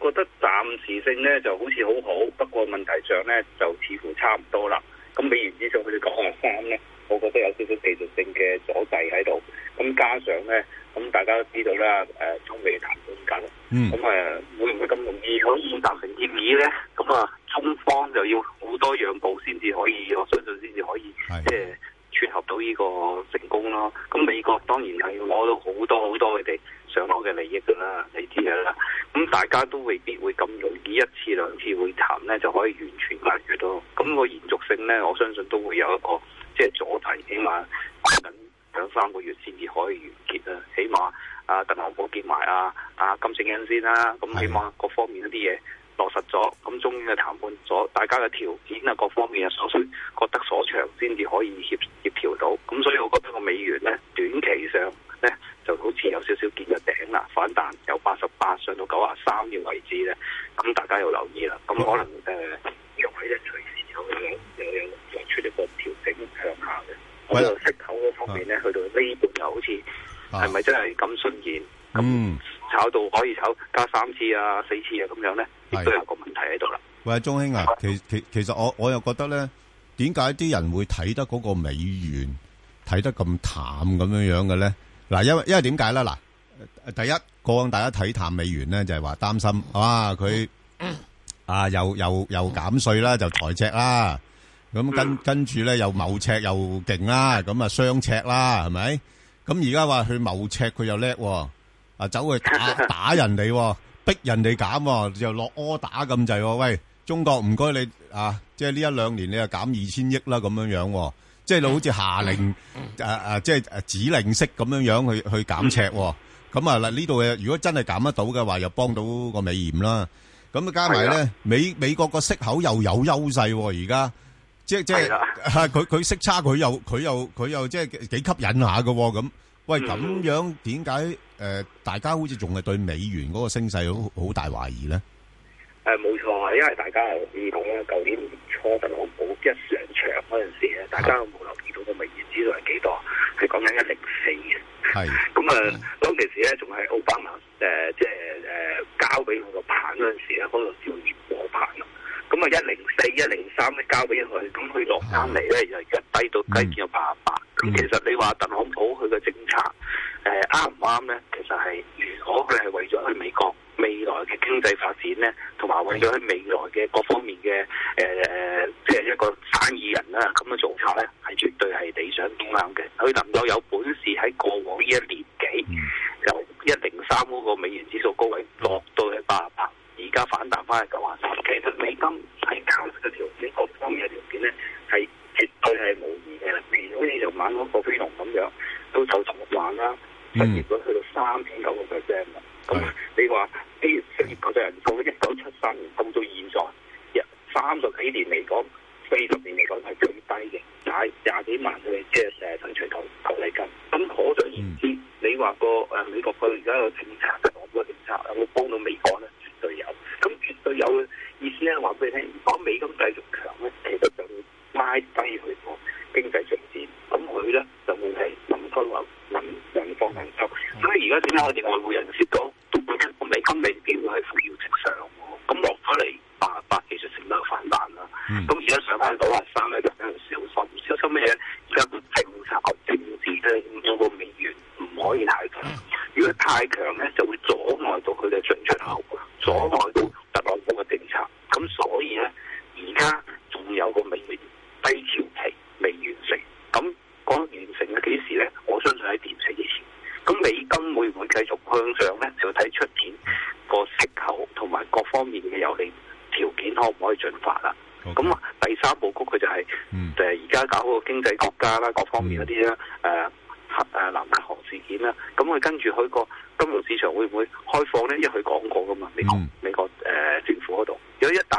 我覺得暫時性咧就好似好好，不過問題上咧就似乎差唔多啦。咁美元之上佢哋講話三咧，我覺得有少少技術性嘅阻滯喺度。咁加上咧，咁大家都知道啦，誒中美談緊，咁誒、呃、會唔會咁容易可以、嗯、達成協議咧？咁啊，中方就要好多讓步先至可以，我相信先至可以，即係的。呃家都未必會咁容易一次兩次會談咧，就可以完全解決咯。咁個延續性咧，我相信都會有一個即係阻題，起碼等兩三個月先至可以完結啦。起碼阿鄧行寶見埋啊，阿金正恩先啦。咁起碼。鍾兄啊，其其其實我我又覺得咧，點解啲人會睇得嗰個美元睇得咁淡咁樣樣嘅咧？嗱，因為因為點解咧？嗱，第一個，過往大家睇淡美元咧，就係話擔心啊，佢啊又又又又減稅啦，就財赤啦，咁跟跟住咧又貿赤又勁啦，咁啊雙赤啦，係咪？咁而家話佢貿赤，佢又叻喎，啊走去打打人哋，逼人哋減，就落柯打咁滯喎，喂！中國唔該你啊，即係呢一兩年你又減二千億啦，咁樣樣，即係你好似下令啊啊，即係指令式咁樣樣去去減赤，咁啊嗱呢度嘅如果真係減得到嘅話，又幫到個美元啦。咁啊加埋咧，美美國個息口又有優勢喎，而家即係即係佢佢息差佢又佢又佢又即係幾吸引下嘅咁。喂，咁樣點解誒大家好似仲係對美元嗰個升勢好好大懷疑咧？誒冇、啊、錯啊，因為大家好似講咧，舊年年初特朗普一上場嗰陣時咧，啊、大家冇留意到個美元指數係幾多，係講緊一零四嘅。咁啊嗰陣時咧仲係奧巴馬誒，即係誒交俾佢個棒嗰陣時咧，嗰度叫熱火棒。10 4, 10啊。咁啊一零四、一零三咧交俾佢，咁佢落翻嚟咧又一低到低見有八十八。咁、嗯、其實你話特朗普佢個政策誒啱唔啱咧？呃合不合不合呢？佢未來嘅各方面嘅誒誒，即係一個生意人啦，咁嘅做法咧，係絕對係理想啱嘅。佢能夠有本事喺過往呢一年幾由一零三嗰個美元指數高位落到去八十八，而家反彈翻去九十三，其實美金喺交易嘅條件各方面嘅條件咧，係絕對係冇疑嘅啦。未好似就晚嗰個飛龍咁樣，都就十萬啦。嗯。 咁而家上翻到話三咧，就一定要小心，小心咩咧？因為政策、政治咧，整個美元唔可以太強，如果太強咧。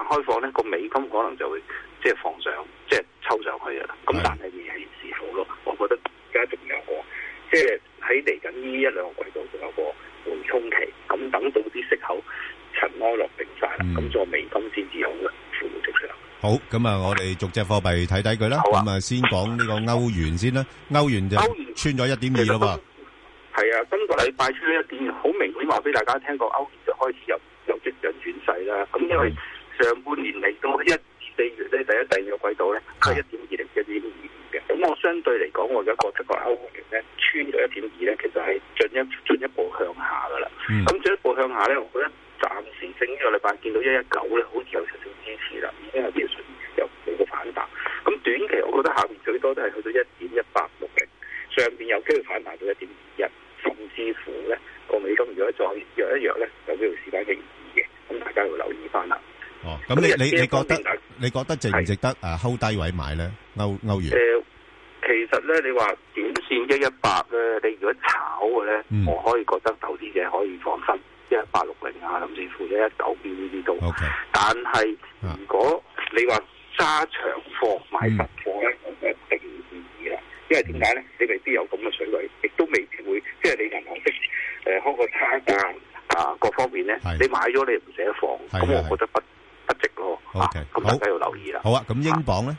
開放咧，個美金可能就會即係放上，即係抽上去啊！咁但係是而係時候咯，我覺得而家仲有個，即係喺嚟緊呢一兩個季度仲有個緩衝期，咁等到啲息口塵埃落定晒，啦、嗯，咁再美金先至好嘅，好正常。好，咁啊，我哋逐隻貨幣睇睇佢啦。咁啊，先講呢個歐元先啦，歐元就穿咗一點二啦噃。係啊，今個禮拜穿咗一點，好明顯話俾大家聽過，個歐元就開始有有即將轉勢啦。咁因為、嗯整呢個禮拜見到一一九咧，好似有少少支持啦，已經有啲嘅上沿有個反彈。咁短期我覺得下面最多都係去到一點一八六零，上邊有機會反彈到一點二一。甚至乎咧，個美金如果再弱一弱咧，就有機會試翻嘅二嘅。咁大家要留意翻啦。哦，咁你你資你覺得你覺得值唔值得誒 hold 低位買咧？歐是、uh, 歐元、呃、其實咧，你話短線一一八咧，你如果炒嘅咧，我可以覺得頭。OK，但係如果你話揸長貨買實貨咧，我就一定唔願意嘅，因為點解咧？你未必有咁嘅水位，亦都未必會，即係你銀行識誒開個差價啊，各方面咧，你買咗你唔捨得放，咁我覺得不不值咯。吓咁大家要留意啦。好啊，咁英鎊咧，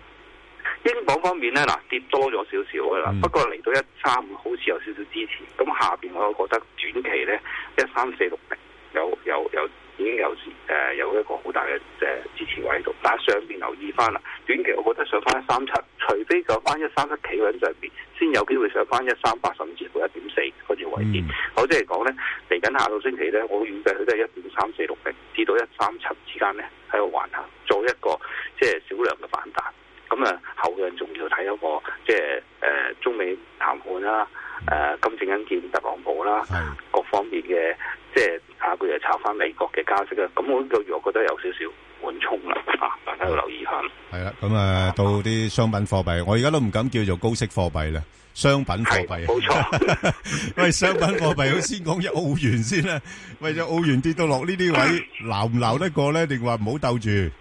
英鎊方面咧，嗱跌多咗少少噶啦，不過嚟到一三好似有少少支持。咁下邊我又覺得短期咧一三四六零有有有。已經有時誒、呃、有一個好大嘅誒、呃、支持位喺度，但上邊留意翻啦，短期我覺得上翻一三七，除非夠翻一三七企穩上邊，先有機會上翻一三八甚至到一點四嗰條位置。好，即係講咧，嚟緊下個星期咧，我預計佢都係一點三四六零至到一三七之間咧，喺度橫行做一個即係少量嘅反彈。咁啊，後邊仲要睇一個即係誒、呃、中美談判啦、誒、呃、金正恩見特朗普啦，的各方面嘅。即係下個月又炒翻美國嘅加息啊。咁我呢個月我覺得有少少緩衝啦，啊，大家要留意下。係啦，咁啊，到啲商品貨幣，我而家都唔敢叫做高息貨幣啦，商品貨幣。係，冇錯。喂，商品貨幣，我先講一澳元先啦。喂，就澳元跌到落呢啲位，撈唔撈得過咧？定話唔好鬥住？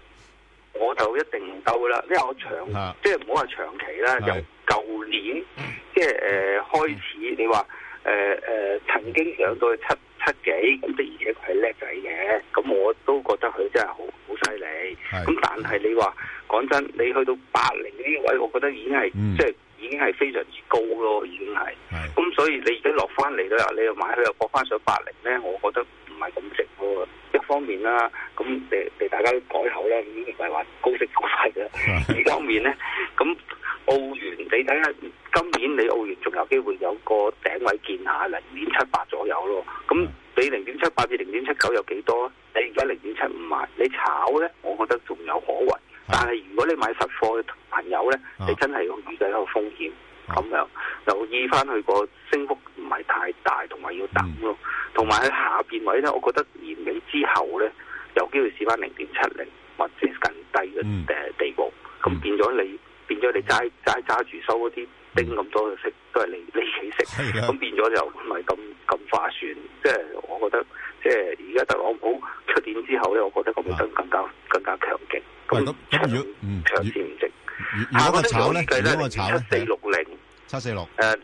我就一定唔鬥啦，因為我長即係唔好話長期啦，由舊年即係誒開始，你話誒誒曾經上到去七。七幾咁的，而且佢係叻仔嘅，咁我都覺得佢真係好好犀利。咁的但係你話講真，你去到八零呢個位，我覺得已經係即係已經係非常之高咯，已經係。咁的、嗯、所以你而家落翻嚟啦，你又買佢又博翻上八零咧？我覺得唔係咁值喎。一方面啦，咁你你大家都改口啦，已經唔係話高息高費啦。二的方面咧，咁澳元你睇下，今年你澳元仲有機會有個頂位見下，明年七。九有幾多咧？你而家零點七五買，你炒咧，我覺得仲有可為。但係如果你買實貨嘅朋友咧，你真係要預計一個風險咁樣，留意翻佢個升幅唔係太大，同埋要等咯。同埋喺下邊位咧，我覺得年尾之後咧，有機會試翻零點七零或者更低嘅誒地步。咁、嗯、變咗你變咗你齋齋揸住收嗰啲丁咁多嘅息，都係你你幾息？咁、嗯、變咗就唔係咁咁划算，即、就、係、是、我覺得。即係而家特朗普出現之後咧，我覺得個回升更加更加強勁。咁果唔搶市唔值？如果個炒呢我炒咧，如果我炒咧，七四六零，七四六，誒、呃。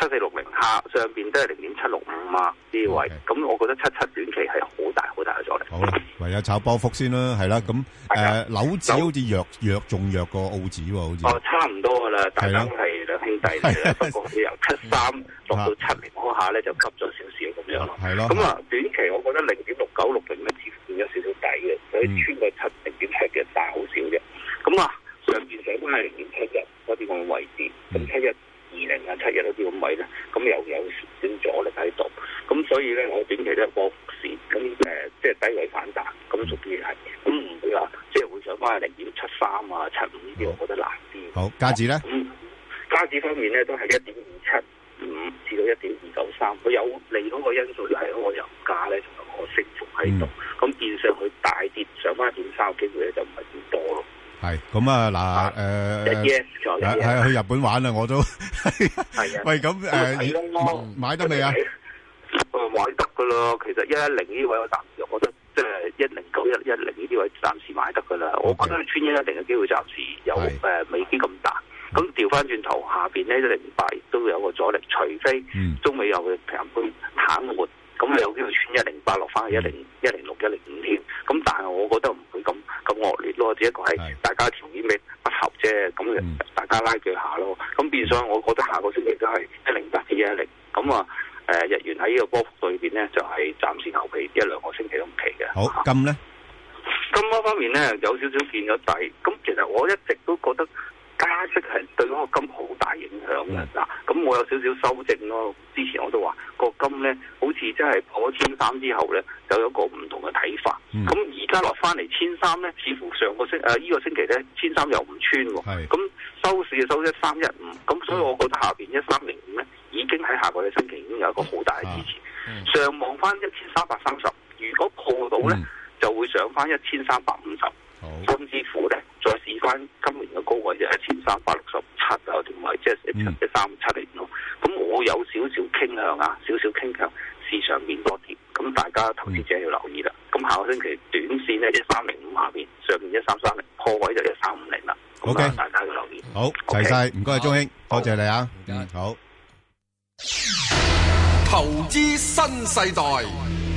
七四六零下，上邊都係零點七六五啊呢位。咁我覺得七七短期係好大好大嘅阻力。好啦，唯有炒波幅先啦，係啦，咁誒，紐紙好似弱弱仲弱過澳紙，好似哦，差唔多噶啦，大家係兩兄弟嚟。不過由七三落到七零嗰下咧就急咗少少咁樣咯。係咯。咁啊，短期我覺得零點六九六零咧似乎變咗少少低嘅，所以穿個七零點七嘅，但係好少啫。咁啊，上邊成都係零點七一嗰啲咁嘅位置，零點七一。二零啊七日都叫咁位咧，咁又有先阻力喺度，咁所以咧我短期咧波幅線，咁、呃、誒即係低位反彈，咁屬於係，咁唔會話即係會上翻零點七三啊七五呢啲，啊、好我覺得難啲。好，加紙咧，加紙方面咧都係一點二七五至到一點二九三，佢有利一個因素係嗰、那個油價咧同埋我升幅喺度，咁、嗯、變相佢大跌上翻一點三機會咧就唔係。係咁 啊！嗱、呃，誒、yes, 啊，係去日本玩啦，我都係啊。 喂，咁誒，買，買得未啊？誒，買得㗎咯。其實一一零呢位我暫時，我覺得即係一零九一一零呢啲位暫時買得㗎啦。Okay. 我覺得穿一一零嘅機會暫時有誒是、呃，未必咁大。咁調翻轉頭下邊一零八都有個阻力，除非中美有嘅平盤淡活，咁你有機會穿一零八落翻去一零一零六一零五添。咁但係我覺得唔。咁惡劣咯，只一個係大家條件未不合啫，咁、嗯嗯、大家拉攏下咯。咁變相，我覺得下個星期都係一零八至一一零。咁啊，誒日元喺呢個波幅裏邊咧，就係、是、暫時後期，一兩個星期都唔期嘅。好，金咧，金，呢金方面咧有少少見咗底。咁其實我一直都覺得加息係對嗰個金好大。響嘅嗱，咁、嗯、我有少少修正咯、哦。之前我都話個金咧，好似真係破咗千三之後咧，有一個唔同嘅睇法。咁而家落翻嚟千三咧，似乎上個星誒、呢、呃這個星期咧千三又唔穿喎、哦。咁是收市收一三一五，咁所以我覺得下邊一三零五咧，已經喺下個星期已經有一個好大嘅支持。啊嗯、上望翻一千三百三十，如果破到咧，嗯、就會上翻一千三百五十。好，甚至乎咧。事關今年嘅高位就一千三百六十七啊，點位，即係成三五七年咯。咁我有少少傾向啊，少少傾向市場面多啲。咁大家投資者要留意啦。咁、嗯、下個星期短線咧一三零五，下面上面一三三零，破位就一三五零啦。O Okay . K，大家要留意。Okay. 好，齊晒，唔該，鐘兄，好多謝你啊。好。好好投資新世代。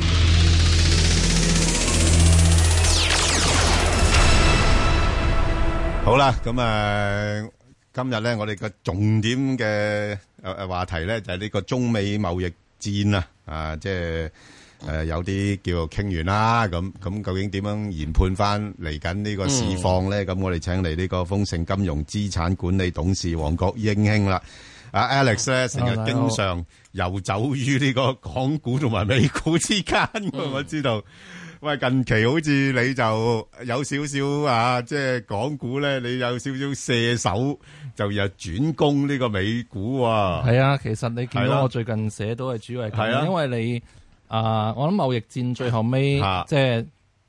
好啦，咁、嗯、啊，今日咧，我哋個重點嘅誒誒話題咧，就係、是、呢個中美貿易戰啊，啊，即係誒、呃、有啲叫做傾完啦，咁、嗯、咁、嗯嗯嗯、究竟點樣研判翻嚟緊呢個市況咧？咁我哋請嚟呢個豐盛金融資產管理董事黃國英兄啦，阿、嗯啊、Alex 咧成日經常遊走於呢個港股同埋美股之間，嗯、我知道。喂，近期好似你就有少少啊，即、就、係、是、港股咧，你有少少射手，就又轉攻呢個美股啊？係啊，其實你見到我最近寫到嘅主要係，啊、因為你啊、呃，我諗貿易戰最後尾即係、就是、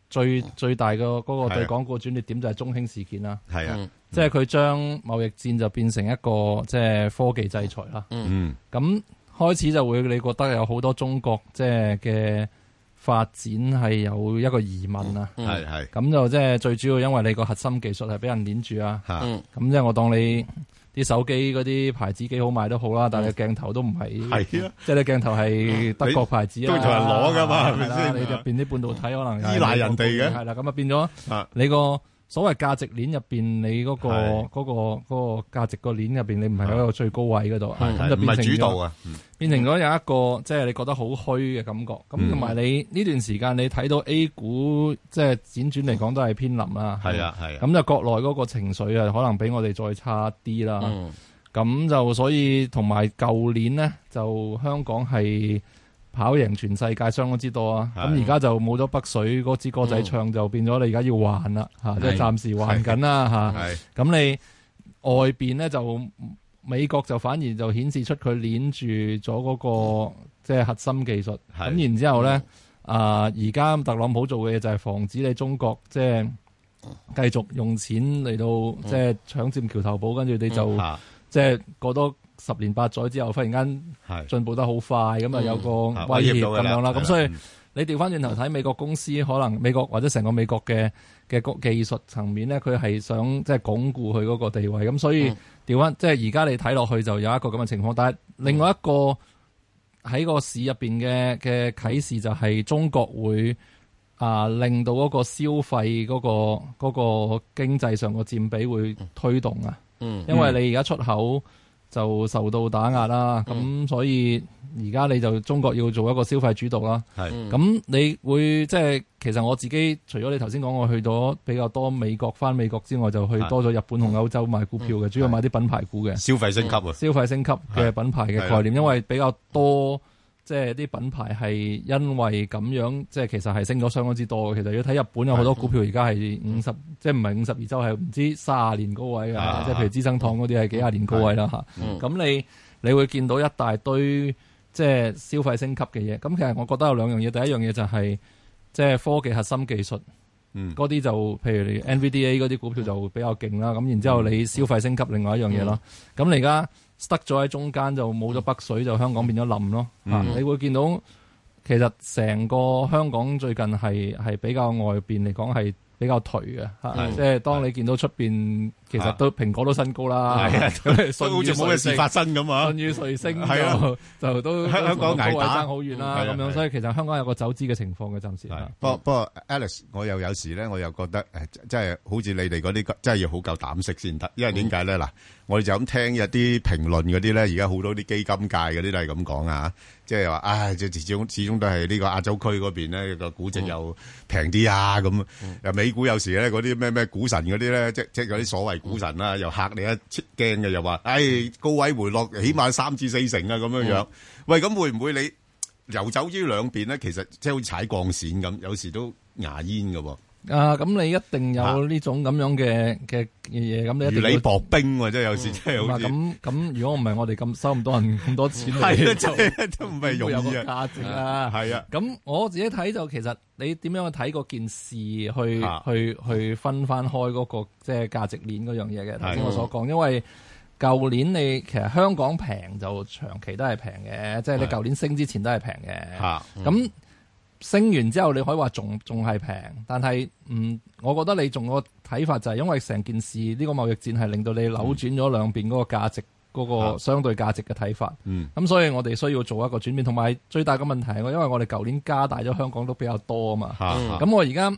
最、啊、最大個嗰個對港股轉捩點就係中興事件啦。係啊，即係佢將貿易戰就變成一個即係、就是、科技制裁啦。嗯，咁、嗯、開始就會你覺得有好多中國即係嘅。就是發展係有一個疑問啊，係係、嗯，咁就即係最主要，因為你個核心技術係俾人捏住啊，嗯，咁即係我當你啲手機嗰啲牌子幾好賣都好啦，但係鏡頭都唔係，係、嗯、即係你鏡頭係德國牌子、啊，都同人攞㗎嘛，係咪先？你入邊啲半導體可能依賴人哋嘅，係啦，咁啊變咗你個所謂價值鏈入邊，你嗰、那個嗰的、那個那個價值個鏈入邊，你唔係喺個最高位嗰度，咁的就變成主導啊，嗯、變成咗有一個即係、就是、你覺得好虛嘅感覺。咁同埋你呢段時間你睇到 A 股即係、就是、輾轉嚟講都係偏臨啦，係啊、嗯，係咁就國內嗰個情緒啊，可能比我哋再差啲啦。咁、嗯、就所以同埋舊年呢，就香港係。跑贏全世界相當之多啊，咁而家就冇咗北水嗰支歌仔唱，就變咗你而家要還啦嚇，即係暫時還緊啦嚇。咁你外邊咧就美國就反而就顯示出佢攆住咗嗰個即係核心技術，咁然之後咧啊，而家特朗普做嘅嘢就係防止你中國即係繼續用錢嚟到即係搶佔橋頭堡，跟住你就即係過多。十年八載之後，忽然間進步得好快，咁啊、嗯、有個威脅咁樣啦。咁所以你調翻轉頭睇美國公司，可能美國或者成個美國嘅嘅技術層面咧，佢係想即係鞏固佢嗰個地位。咁所以調翻、嗯、即係而家你睇落去就有一個咁嘅情況。但係另外一個喺個、嗯、市入邊嘅嘅啟示就係中國會啊令到嗰個消費嗰、嗰個嗰、嗰個經濟上個佔比會推動啊。嗯，因為你而家出口。嗯就受到打壓啦，咁、嗯、所以而家你就中國要做一個消費主導啦。係、嗯，咁你會即係其實我自己除咗你頭先講，我去咗比較多美國翻美國之外，就去了多咗日本同歐洲買股票嘅，嗯、主要買啲品牌股嘅。消費升級啊！嗯、消費升級嘅品牌嘅概念，嗯、因為比較多。即係啲品牌係因為咁樣，即係其實係升咗相當之多嘅。其實要睇日本有好多股票而家係五十，即係唔係五十二週係唔知三十年高位嘅。啊、即係譬如資生堂嗰啲係幾廿年高位啦嚇。咁、嗯、你你會見到一大堆即係消費升級嘅嘢。咁其實我覺得有兩樣嘢，第一樣嘢就係、嗯、即係科技核心技術，嗰啲、嗯、就譬如你 NVDA 嗰啲股票就比較勁啦。咁然之後你消費升級另外一樣嘢咯。咁你而家。塞咗喺中間就冇咗北水，就香港變咗冧咯，嗯、啊！你會見到其實成個香港最近係係比較外邊嚟講係比較頹嘅、啊嗯啊，即係當你見到出邊。其實都蘋果都新高啦，所以好似冇咩事發生咁啊！順與誰升？係啊，就都香港捱打爭好遠啦。咁樣所以其實香港有個走資嘅情況嘅暫時。不過不過 Alice 我又有時咧，我又覺得誒，即係好似你哋嗰啲，即係要好夠膽識先得。因為點解咧？嗱，我哋就咁聽一啲評論嗰啲咧，而家好多啲基金界嗰啲都係咁講啊，即係話唉，即始終始終都係呢個亞洲區嗰邊咧個估值又平啲啊，咁又美股有時咧嗰啲咩咩股神嗰啲咧，即即係嗰啲所謂。股神啊，又嚇你一驚嘅又話，唉、哎，高位回落，起碼三至四成啊，咁樣樣。嗯、喂，咁會唔會你遊走於兩邊咧？其實即係好似踩鋼線咁，有時都牙煙嘅喎、啊。啊，咁你一定有呢種咁樣嘅嘅嘢，咁你一定要如履薄冰，真係有時真係好。咁咁，如果唔係我哋咁收咁多人咁多錢，係都唔係容易嘅。係啊，咁我自己睇就其實你點樣去睇嗰件事，去去去分翻開嗰個即係價值鏈嗰樣嘢嘅。頭先我所講，因為舊年你其實香港平就長期都係平嘅，即係你舊年升之前都係平嘅。吓咁。升完之後，你可以話仲仲係平，但係唔，嗯，我覺得你仲個睇法就係因為成件事呢個貿易戰係令到你扭轉咗兩邊嗰個價值嗰，嗯、個相對價值嘅睇法。咁，嗯、所以，我哋需要做一個轉變。同埋最大嘅問題係因為我哋舊年加大咗香港都比較多啊嘛。咁，嗯、我而家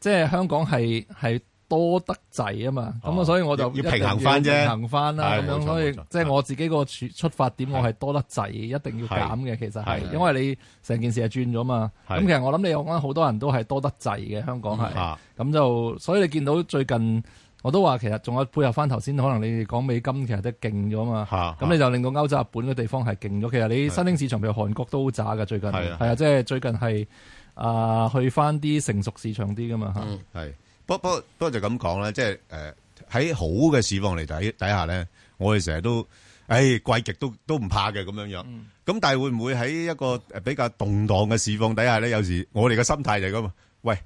即係香港係係多得滯啊嘛，咁啊所以我就要平衡翻啫，平衡翻啦，咁樣所以即係我自己個出出發點，我係多得滯，一定要減嘅。其實係因為你成件事係轉咗嘛，咁其實我諗你有覺好多人都係多得滯嘅，香港係，咁就所以你見到最近我都話其實仲有配合翻頭先，可能你哋講美金其實都勁咗嘛，咁你就令到歐洲日本嘅地方係勁咗。其實你新興市場譬如韓國都好渣㗎最近，係啊，即係最近係啊去翻啲成熟市場啲噶嘛嚇，係。不不過不過就咁講啦，即係誒喺好嘅市況嚟睇底下咧，我哋成日都誒貴極都都唔怕嘅咁樣樣。咁但係會唔會喺一個比較動盪嘅市況底下咧？有時我哋嘅心態就係咁啊！喂，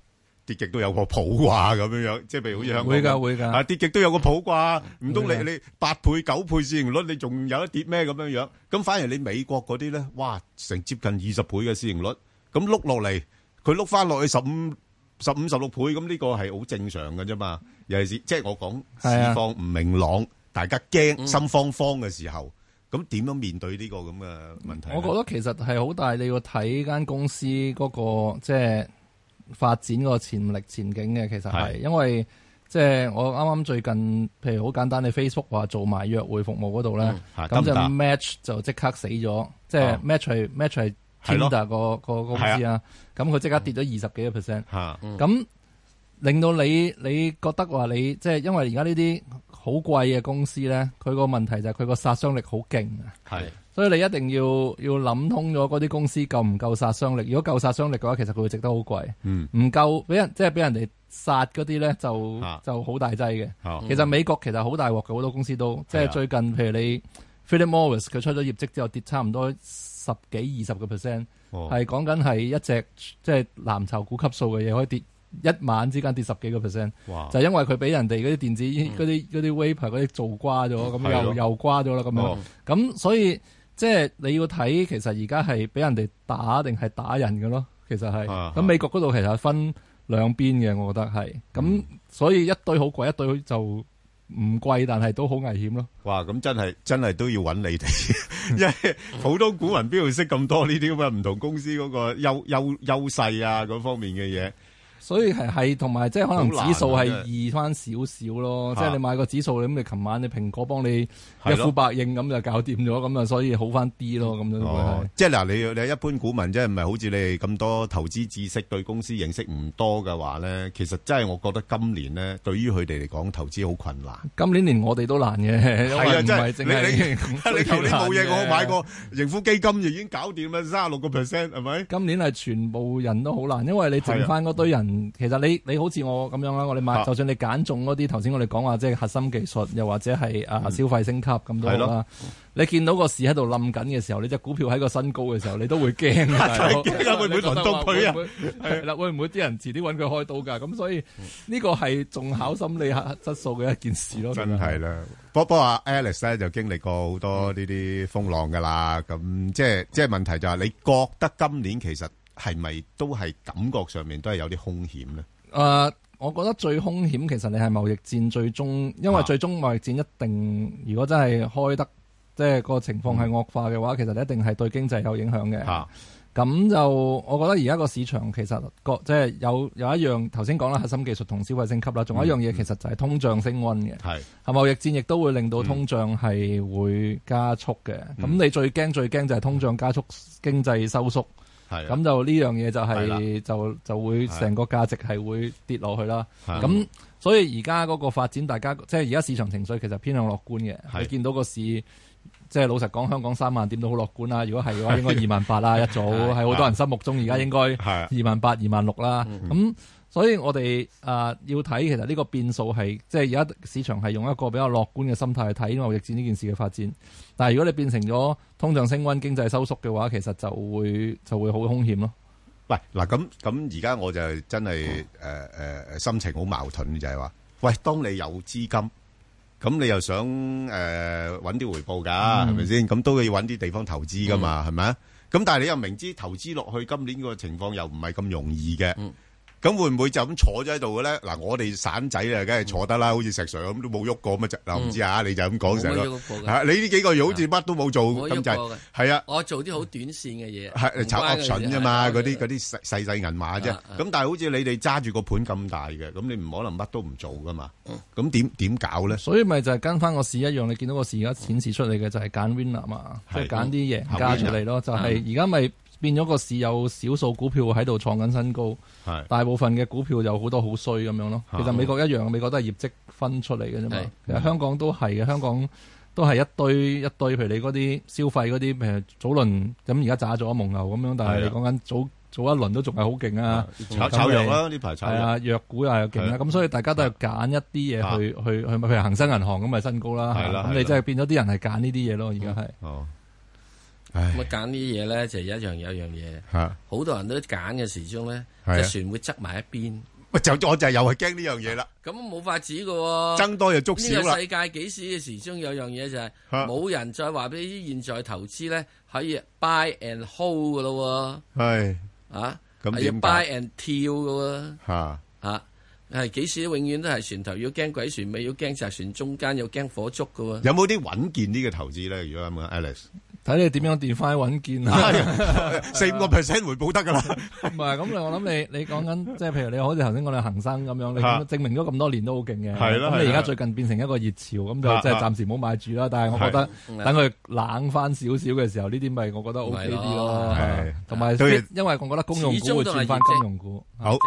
跌極都有個譜啩咁樣樣，即係譬如好似香港會㗎會㗎啊，跌極都有個譜啩，唔通你你八倍九倍市盈率你仲有一跌咩咁樣樣？咁反而你美國嗰啲咧，哇，成接近二十倍嘅市盈率，咁碌落嚟佢碌翻落去十五。十五十六倍，咁呢個係好正常嘅啫嘛，尤其是即係我講市況唔明朗，啊、大家驚心慌慌嘅時候，咁點、嗯、樣面對呢個咁嘅問題？我覺得其實係好大，你要睇間公司嗰、嗰個即係發展嗰個潛力前景嘅，其實係、啊、因為即係我啱啱最近，譬如好簡單，你 Facebook 話做埋約會服務嗰度咧，咁、嗯啊、就 match 就即刻死咗，即係 match match。嗰個公司啊，咁佢即刻跌咗二十幾個 percent，咁令到你你覺得話你即係、就是、因為而家呢啲好貴嘅公司咧，佢個問題就係佢個殺傷力好勁啊。係的，所以你一定要要諗通咗嗰啲公司夠唔夠殺傷力。如果夠殺傷力嘅話，其實佢會值得好貴。唔、嗯、夠俾人即係俾人哋殺嗰啲咧，就是、就好、啊、大劑嘅。嗯、其實美國其實好大鑊嘅，好多公司都即係、就是、最近，譬如你 Philip Morris 佢出咗業績之後跌差唔多，十幾二十個 percent，係講緊係一隻即係藍籌股級數嘅嘢，可以跌一晚之間跌十幾個 percent，哇就因為佢俾人哋嗰啲電子嗰啲嗰啲 wafer 嗰啲做瓜咗，咁又、嗯、又瓜咗啦，咁樣，咁、哦、所以即係你要睇，其實而家係俾人哋打定係打人嘅咯。其實係，咁、嗯、美國嗰度其實係分兩邊嘅，我覺得係，咁所以一堆好貴，一堆就。唔貴，但係都好危險咯。哇！咁真係真係都要揾你哋， 因為好多股民邊度識咁多呢啲咁嘅唔同公司嗰個優優優勢啊，嗰方面嘅嘢。所以係係同埋即係可能指數係移翻少少咯，即係你買個指數，咁你琴晚你蘋果幫你一呼百應咁就搞掂咗，咁啊所以好翻啲咯咁樣。哦，即係嗱，你你一般股民即係唔係好似你咁多投資知識對公司認識唔多嘅話咧，其實真係我覺得今年咧對於佢哋嚟講投資好困難。今年連我哋都難嘅，係啊，真係你你你投你冇嘢，我買個盈富基金就已經搞掂啦，三十六個 percent 係咪？今年係全部人都好難，因為你剩翻嗰堆人。其實你你好似我咁樣啦，我哋買就算你揀中嗰啲頭先我哋講話即係核心技術，又或者係啊消費升級咁都係啦。你見到個市喺度冧緊嘅時候，你隻股票喺個新高嘅時候，你都會驚啊！會唔會輪到佢啊？係啦，會唔會啲人遲啲搵佢開刀噶？咁所以呢個係仲考心理質素嘅一件事咯。真係啦，不過阿 Alex 就經歷過好多呢啲風浪噶啦。咁即係即係問題就係你覺得今年其實。係咪都係感覺上面都係有啲風險呢？誒、呃，我覺得最風險其實你係貿易戰最終，因為最終貿易戰一定，如果真係開得即係、就是、個情況係惡化嘅話，其實你一定係對經濟有影響嘅。啊、嗯，咁就我覺得而家個市場其實個即係有有一樣頭先講啦，核心技術同消費升級啦，仲有一樣嘢其實就係通脹升溫嘅係。係貿、嗯、易戰亦都會令到通脹係會加速嘅。咁、嗯嗯、你最驚最驚就係通脹加速經濟收縮，經濟收縮。咁就呢樣嘢就係、是、的就就會成個價值係會跌落去啦。咁的所以而家嗰個發展，大家即係而家市場情緒其實偏向樂觀嘅。的你見到個市，即係老實講，香港三萬點都好樂觀啦。如果係嘅話應該二萬八， 組，應該二萬八啦，一早喺好多人心目中而家應該的二萬八、二萬六啦。咁、嗯哼所以我哋啊、呃、要睇，其實呢個變數係，即係而家市場係用一個比較樂觀嘅心態去睇，因為貿易戰呢件事嘅發展。但係如果你變成咗通脹升溫、經濟收縮嘅話，其實就會就會好兇險咯。喂，嗱咁咁而家我就真係誒誒誒心情好矛盾，就係、是、話，喂，當你有資金，咁你又想誒揾啲回報噶，係咪先？咁都要揾啲地方投資噶嘛，係咪？咁但係你又明知投資落去今年個情況又唔係咁容易嘅。嗯咁會唔會就咁坐咗喺度嘅咧？嗱，我哋散仔啊，梗係坐得啦，好似石 s 咁都冇喐過咁啊！就嗱，唔知啊，你就咁講成咯。冇喐過。你呢幾個月好似乜都冇做，咁就係係啊。我做啲好短線嘅嘢，炒 o p t 啫嘛，嗰啲嗰啲細細銀碼啫。咁但係好似你哋揸住個盤咁大嘅，咁你唔可能乜都唔做噶嘛。嗯。咁點點搞咧？所以咪就係跟翻個市一樣，你見到個市而家展示出嚟嘅就係揀 winner 啊，即係揀啲嘢，家出嚟咯。就係而家咪。變咗個市有少數股票喺度創緊新高，大部分嘅股票有好多好衰咁樣咯。其實美國一樣，美國都係業績分出嚟嘅啫嘛。其實香港都係嘅，香港都係一堆一堆，譬如你嗰啲消費嗰啲，譬早輪咁而家渣咗，蒙牛咁樣。但係你講緊早早一輪都仲係好勁啊，炒炒藥啦，呢排炒藥。係啊，藥股又係勁啦。咁所以大家都係揀一啲嘢去去去，譬如恒生銀行咁咪新高啦。咁你真係變咗啲人係揀呢啲嘢咯，而家係。咁我揀呢啲嘢咧，就一樣有樣嘢，好多人都揀嘅時鐘咧，隻船會側埋一邊。喂，就我就又係驚呢樣嘢啦。咁冇法子噶，爭多又捉少呢個世界幾時嘅時鐘有樣嘢就係冇人再話俾你啲現在投資咧，可以 buy and hold 噶咯。係啊，係要 buy and sell 噶。吓吓，係幾時永遠都係船頭要驚鬼船尾，要驚雜船中間，又驚火燭噶。有冇啲穩健啲嘅投資咧？如果咁啊，Alex。睇你點樣 define 穩健啊，四五個 percent 回報得噶啦，唔係咁，我諗你你講緊即係譬如你好似頭先講嘅恆生咁樣，你證明咗咁多年都好勁嘅，咁、嗯嗯、你而家最近變成一個熱潮，咁就即係暫時冇買住啦。但係我覺得等佢冷翻少少嘅時候，呢啲咪我覺得 O K 啲咯，同埋因為我覺得公用股會轉翻金融股。好。